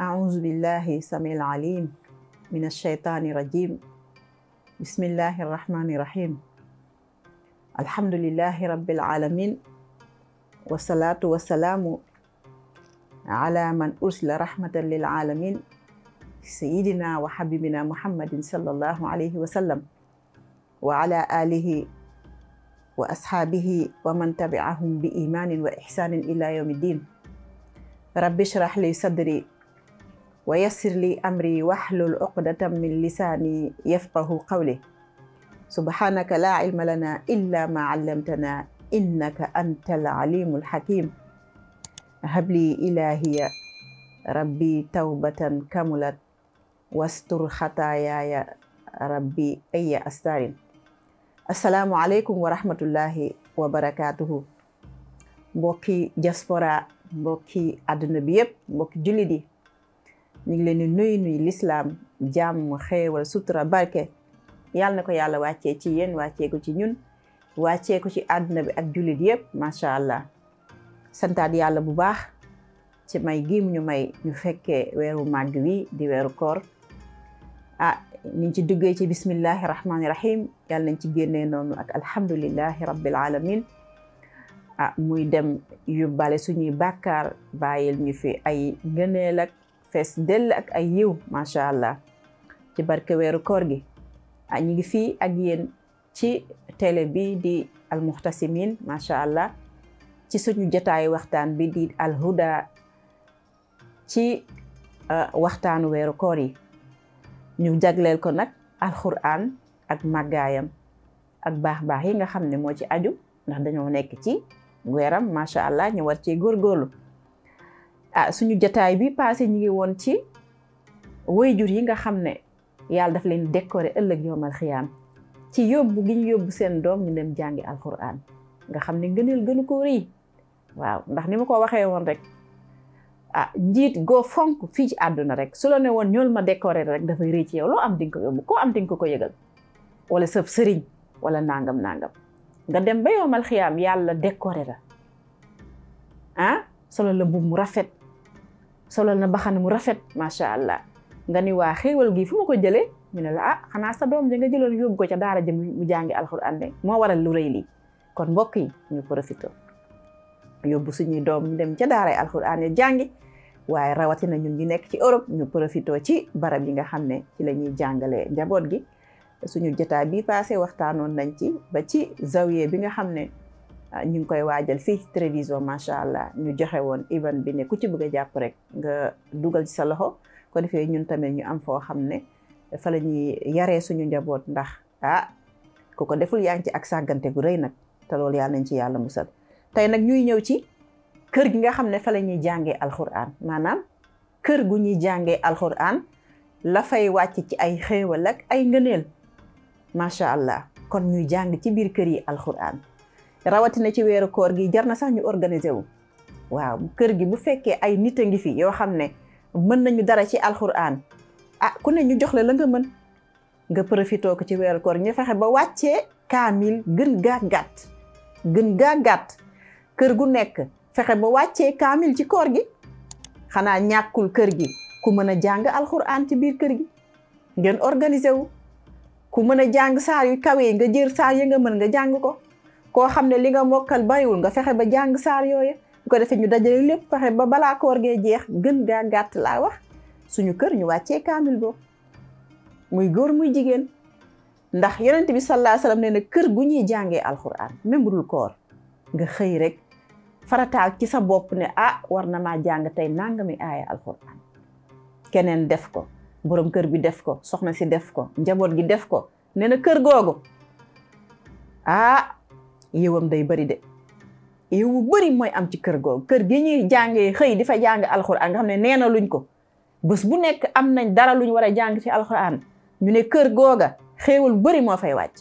أعوذ بالله السميع العليم من الشيطان الرجيم بسم الله الرحمن الرحيم الحمد لله رب العالمين والصلاة والسلام على من أرسل رحمة للعالمين سيدنا وحبيبنا محمد صلى الله عليه وسلم وعلى آله وأصحابه ومن تبعهم بإيمان وإحسان إلى يوم الدين رب اشرح لي صدري ويسر لي أمري واحلل عقدة من لساني يفقه قولي سبحانك لا علم لنا إلا ما علمتنا إنك أنت العليم الحكيم هب لي إلهي ربي توبة كملت واستر خطاياي ربي أي أستار السلام عليكم ورحمة الله وبركاته بوكي جسفرا بوكي أدنبيب بوكي جلدي ñu ngi leen di nuyu nuyu lislaam jàmm xeewal sutura barke yàlla na ko yàlla wàccee ci yéen wàccee ko ci ñun wàccee ci àdduna bi ak jullit yëpp macha allah santaat yàlla bu baax ci may gi ñu may ñu fekke weeru màgg wi di weeru koor ah niñ ci duggee ci bismillahi rahmaani rahim yàlla nañ ci génnee noonu ak alhamdulillahi rabbil alamin ah muy dem yóbbaale suñuy bàkkaar bàyyil ñu fi ay ngëneel fees dell ak ay yiw macha allah ci barke weeru koor gi ah ñu ngi fii ak yéen ci télé bi di al muxtasimin macha allah ci suñu jotaayu waxtaan bi di al ci ah, waxtaanu weeru koor yi ñu jagleel ko nag alquran ak màggaayam ak baax-baax yi nga xam ne moo ci aju ndax dañoo nekk ci weeram macha allah ñu war ci góorgóorlu ah suñu jataay bi paase ñu ngi woon ci way jur yi nga xam ne yàlla daf leen décorer ëllëg yoom xiyaam ci yóbbu gi ñu yóbbu seen doom ñu dem jàngi alquran nga xam ne ngëneel gënu ko rëy waaw ndax ni ma ko waxee woon rek ah njiit goo fonk fii ci àdduna rek su la ne woon ñool ma décorer rek dafay rëy ci yow loo am di ko am di nga ko ko yëgal wala sëb sëriñ wala nangam nangam nga dem ba yowmal xiyaam yàlla décorer la ah solo la mbubb mu rafet solo na baxana mu rafet macha allah nga ni waa xéewal gii fu ma ko jëlee ñu ne la ah xanaa sa doom ja nga jëloon yóbbu ko ca daara ja mu jàngi alxuraan de moo waral lu rëy lii kon mbokk yi ñu profité yóbbu suñuy doom dem ca daaray alxuraan ya jàngi waaye rawatina ñun ñu nekk ci Europe ñu profité ci barab yi nga xam ne ci la ñuy jàngalee njaboot gi suñu jotaay bi passé waxtaanoon nañ ci ba ci zawiye bi nga xam ne Ah, ñu ngi koy waajal fii ci macha allah ñu joxe woon iban bi ne ku ci bëgg jàpp rek nga dugal ci sa loxo ko defee ñun tamit ñu am foo xam ne fa la ñuy yaree suñu njaboot ndax ah ku ko deful yaa ci ak sàggante gu rëy nag te loolu yàlla nañ ci yàlla musal tey nag ñuy ñëw ci kër gi nga xam ne fa la ñuy jàngee alxuraan maanaam kër gu ñuy jàngee alxuraan la fay wàcc ci ay xéewal ak ay ngëneel macha allah kon ñuy jàng ci biir kër yi alxuraan rawatina ci weeru koor gi jar na sax ñu organiser wu waaw kër gi bu fekkee ay nit a ngi fi yoo xam ne mën nañu dara ci alxuraan a ah, ku ne ñu jox la la nga mën nga profitoo ko ci weeru koor ñu fexe ba wàccee kaamil gën gaa gàtt gën gaa gàtt kër gu nekk fexe ba wàccee kaamil ci koor gi xanaa ñàkkul kër gi ku mën a jàng alxuraan ci biir kër gi ngeen organiser wu ku mën a jàng saa yu kawe nga jër saa ya nga mën nga jàng ko koo xam ya. ne li nga mokkal bayiwul nga fexe ba jàng saar yooyu bu ko defee ñu dajale lépp fexe ba balaa koor gee jeex gën gaa gàtt laa wax suñu kër ñu wàccee kaamil boobu muy góor muy jigéen ndax yonent bi sallallahu alayhi wasallam nee na kër gu ñuy jàngee alxuraan même dul koor nga xëy rek farataal ci sa bopp ne ah war na maa jàng tey nangami aaya alxuraan keneen def ko borom kër bi def ko soxna si def ko njaboot gi def ko nee na kër googu ah yiwam day bëri de yiw bëri mooy am ci kër googu kër gi ñuy jàngee xëy di fa jàng alxuraan nga xam ne nee na luñ ko bés bu nekk am nañ dara luñ war a jàng ci alxuraan ñu ne kër googa xéewal bari moo fay wàcc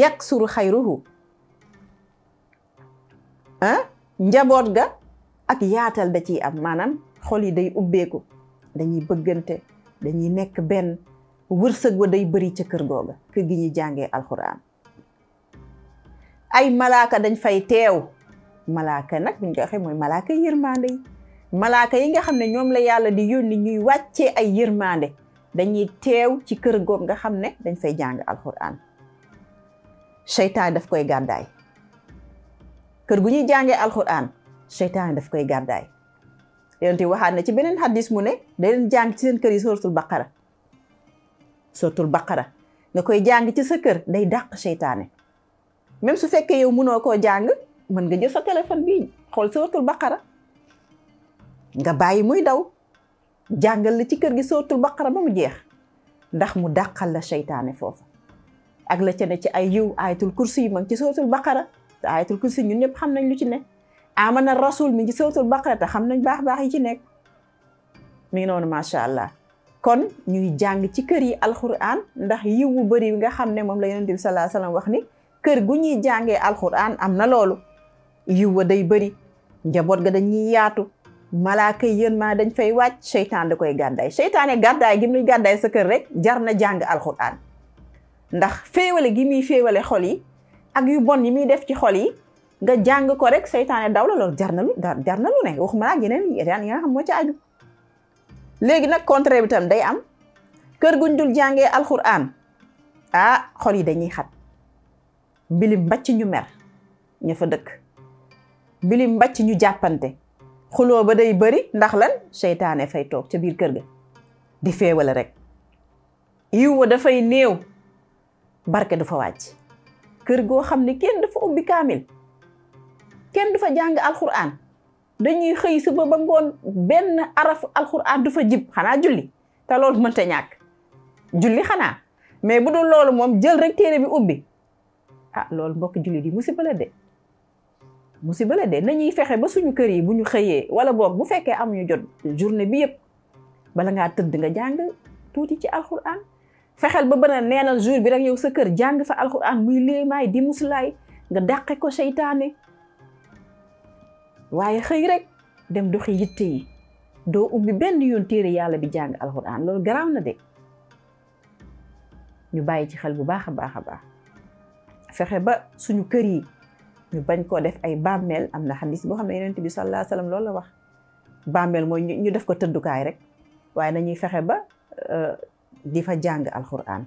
yàq suru xayruhu ah njaboot ga ak yaatal da ciy am maanaam xol yi day ubbeeku dañuy bëggante dañuy nekk benn wërsëg wa day bëri ci kër googa kër gi ñuy jàngee alxuraan ay malaaka dañ fay teew malaaka nag buñ ko waxee mooy malaaka yërmande yi malaaka yi nga xam ne ñoom la yàlla di yónni ñuy wàccee ay yërmande dañuy teew ci kër goog nga xam ne dañ fay jàng alxuraan seytaan daf koy gàddaay kër gu ñuy jàngee alxuraan seytaan daf koy gàddaay yonent waxaat na ci beneen hadis mu ne da leen ci seen kër yi suratul baqara suratul baqara nga koy jàng ci sa kër day dàq seytaane même su fekkee yow mënoo koo jàng man nga jël sa téléphone bi xool suratul baqara nga bàyyi muy daw jàngal la ci kër gi suratul baqara ba mu jeex ndax mu dàqal la seytaane foofu ak la ca ne ci ay yiw ayatul kursi yi ma ngi ci suratul baqara te ayatul kursi ñun ñëpp xam nañ lu ci ne amana rasul mi ngi ci suratul baqara te xam nañ baax baax yi ci nekk mi ngi noonu macha allah kon ñuy jàng ci kër yi alquran ndax yiw bu bari bi nga xam ne moom la yonent bi sallallahu alayhi wax ni kër gu ñuy jàngee alxuraan am na loolu yiw wa day bëri njaboot ga dañuy yaatu malaaka yéen ma dañ fay wàcc seytaan da koy gàddaay seytaane gàddaay gi muy gàddaay sa kër rek jar na jàng alxuraan ndax féewale gi muy féewale xol yi ak yu bon yi muy def ci xol yi nga jàng ko rek seytaane daw la loolu jar na lu jar na lu ne waxuma laa yeneen yi nga xam moo ci aju léegi nag contraire bi day am kër guñ dul jàngee alxuraan ah xol yi dañuy xat bilim mbàcc ñu mer ña fa dëkk bilim mbàcc ñu jàppante xuloo ba day bari ndax lan seytaane fay toog ca biir kër ga di feewale rek yiw wa dafay néew barke du fa wàcc kër goo xam ne kenn dafa ubbi kaamil kenn du fa jàng alxuraan dañuy xëy suba ba ngoon benn araf alxuraan du fa jib xanaa julli te lool mënta ñàkk julli xanaa mais bu dul loolu moom jël rek téere bi ubbi ah loolu mbokk jullit yi musiba la de musiba la de nañuy fexe ba suñu kër yi bu ñu xëyee wala boog bu fekkee amuñu jot journée bi yëpp bala ngaa tëdd nga jàng tuuti ci alxuraan fexeel ba bana neenal jour bi rek yow sa kër jàng fa alxuraan muy léemaay di musulaay nga dàqe ko seytaane waaye xëy rek dem doxi yitte yi doo ubbi benn yoon téere yàlla bi jàng alxuraan loolu garaaw na de ñu bàyyi ci xel bu baax a baax a baax fexé ba suñu kër yi ñu bañ ko def ay bammel am na bo boo xam bi sallallahu alayhi Wasallam loolu la wax bammel moy ñu def ko tëddukaay rek waye nañuy fexé ba euh, di difa jang alquran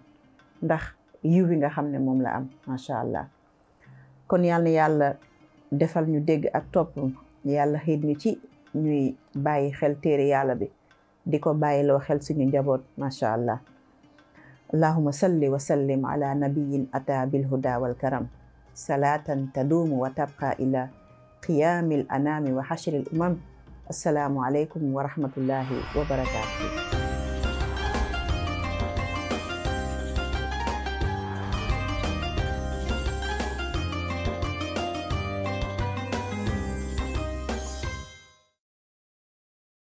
ndax yu wi nga xam mom la am macha allah kon yalla defal ñu dégg ak top yalla xit ñu ci ñuy bayyi xel téré yalla bi diko bayyi lo xel suñu allah اللهم صل وسلم على نبي أتى بالهدى والكرم صلاة تدوم وتبقى إلى قيام الأنام وحشر الأمم السلام عليكم ورحمة الله وبركاته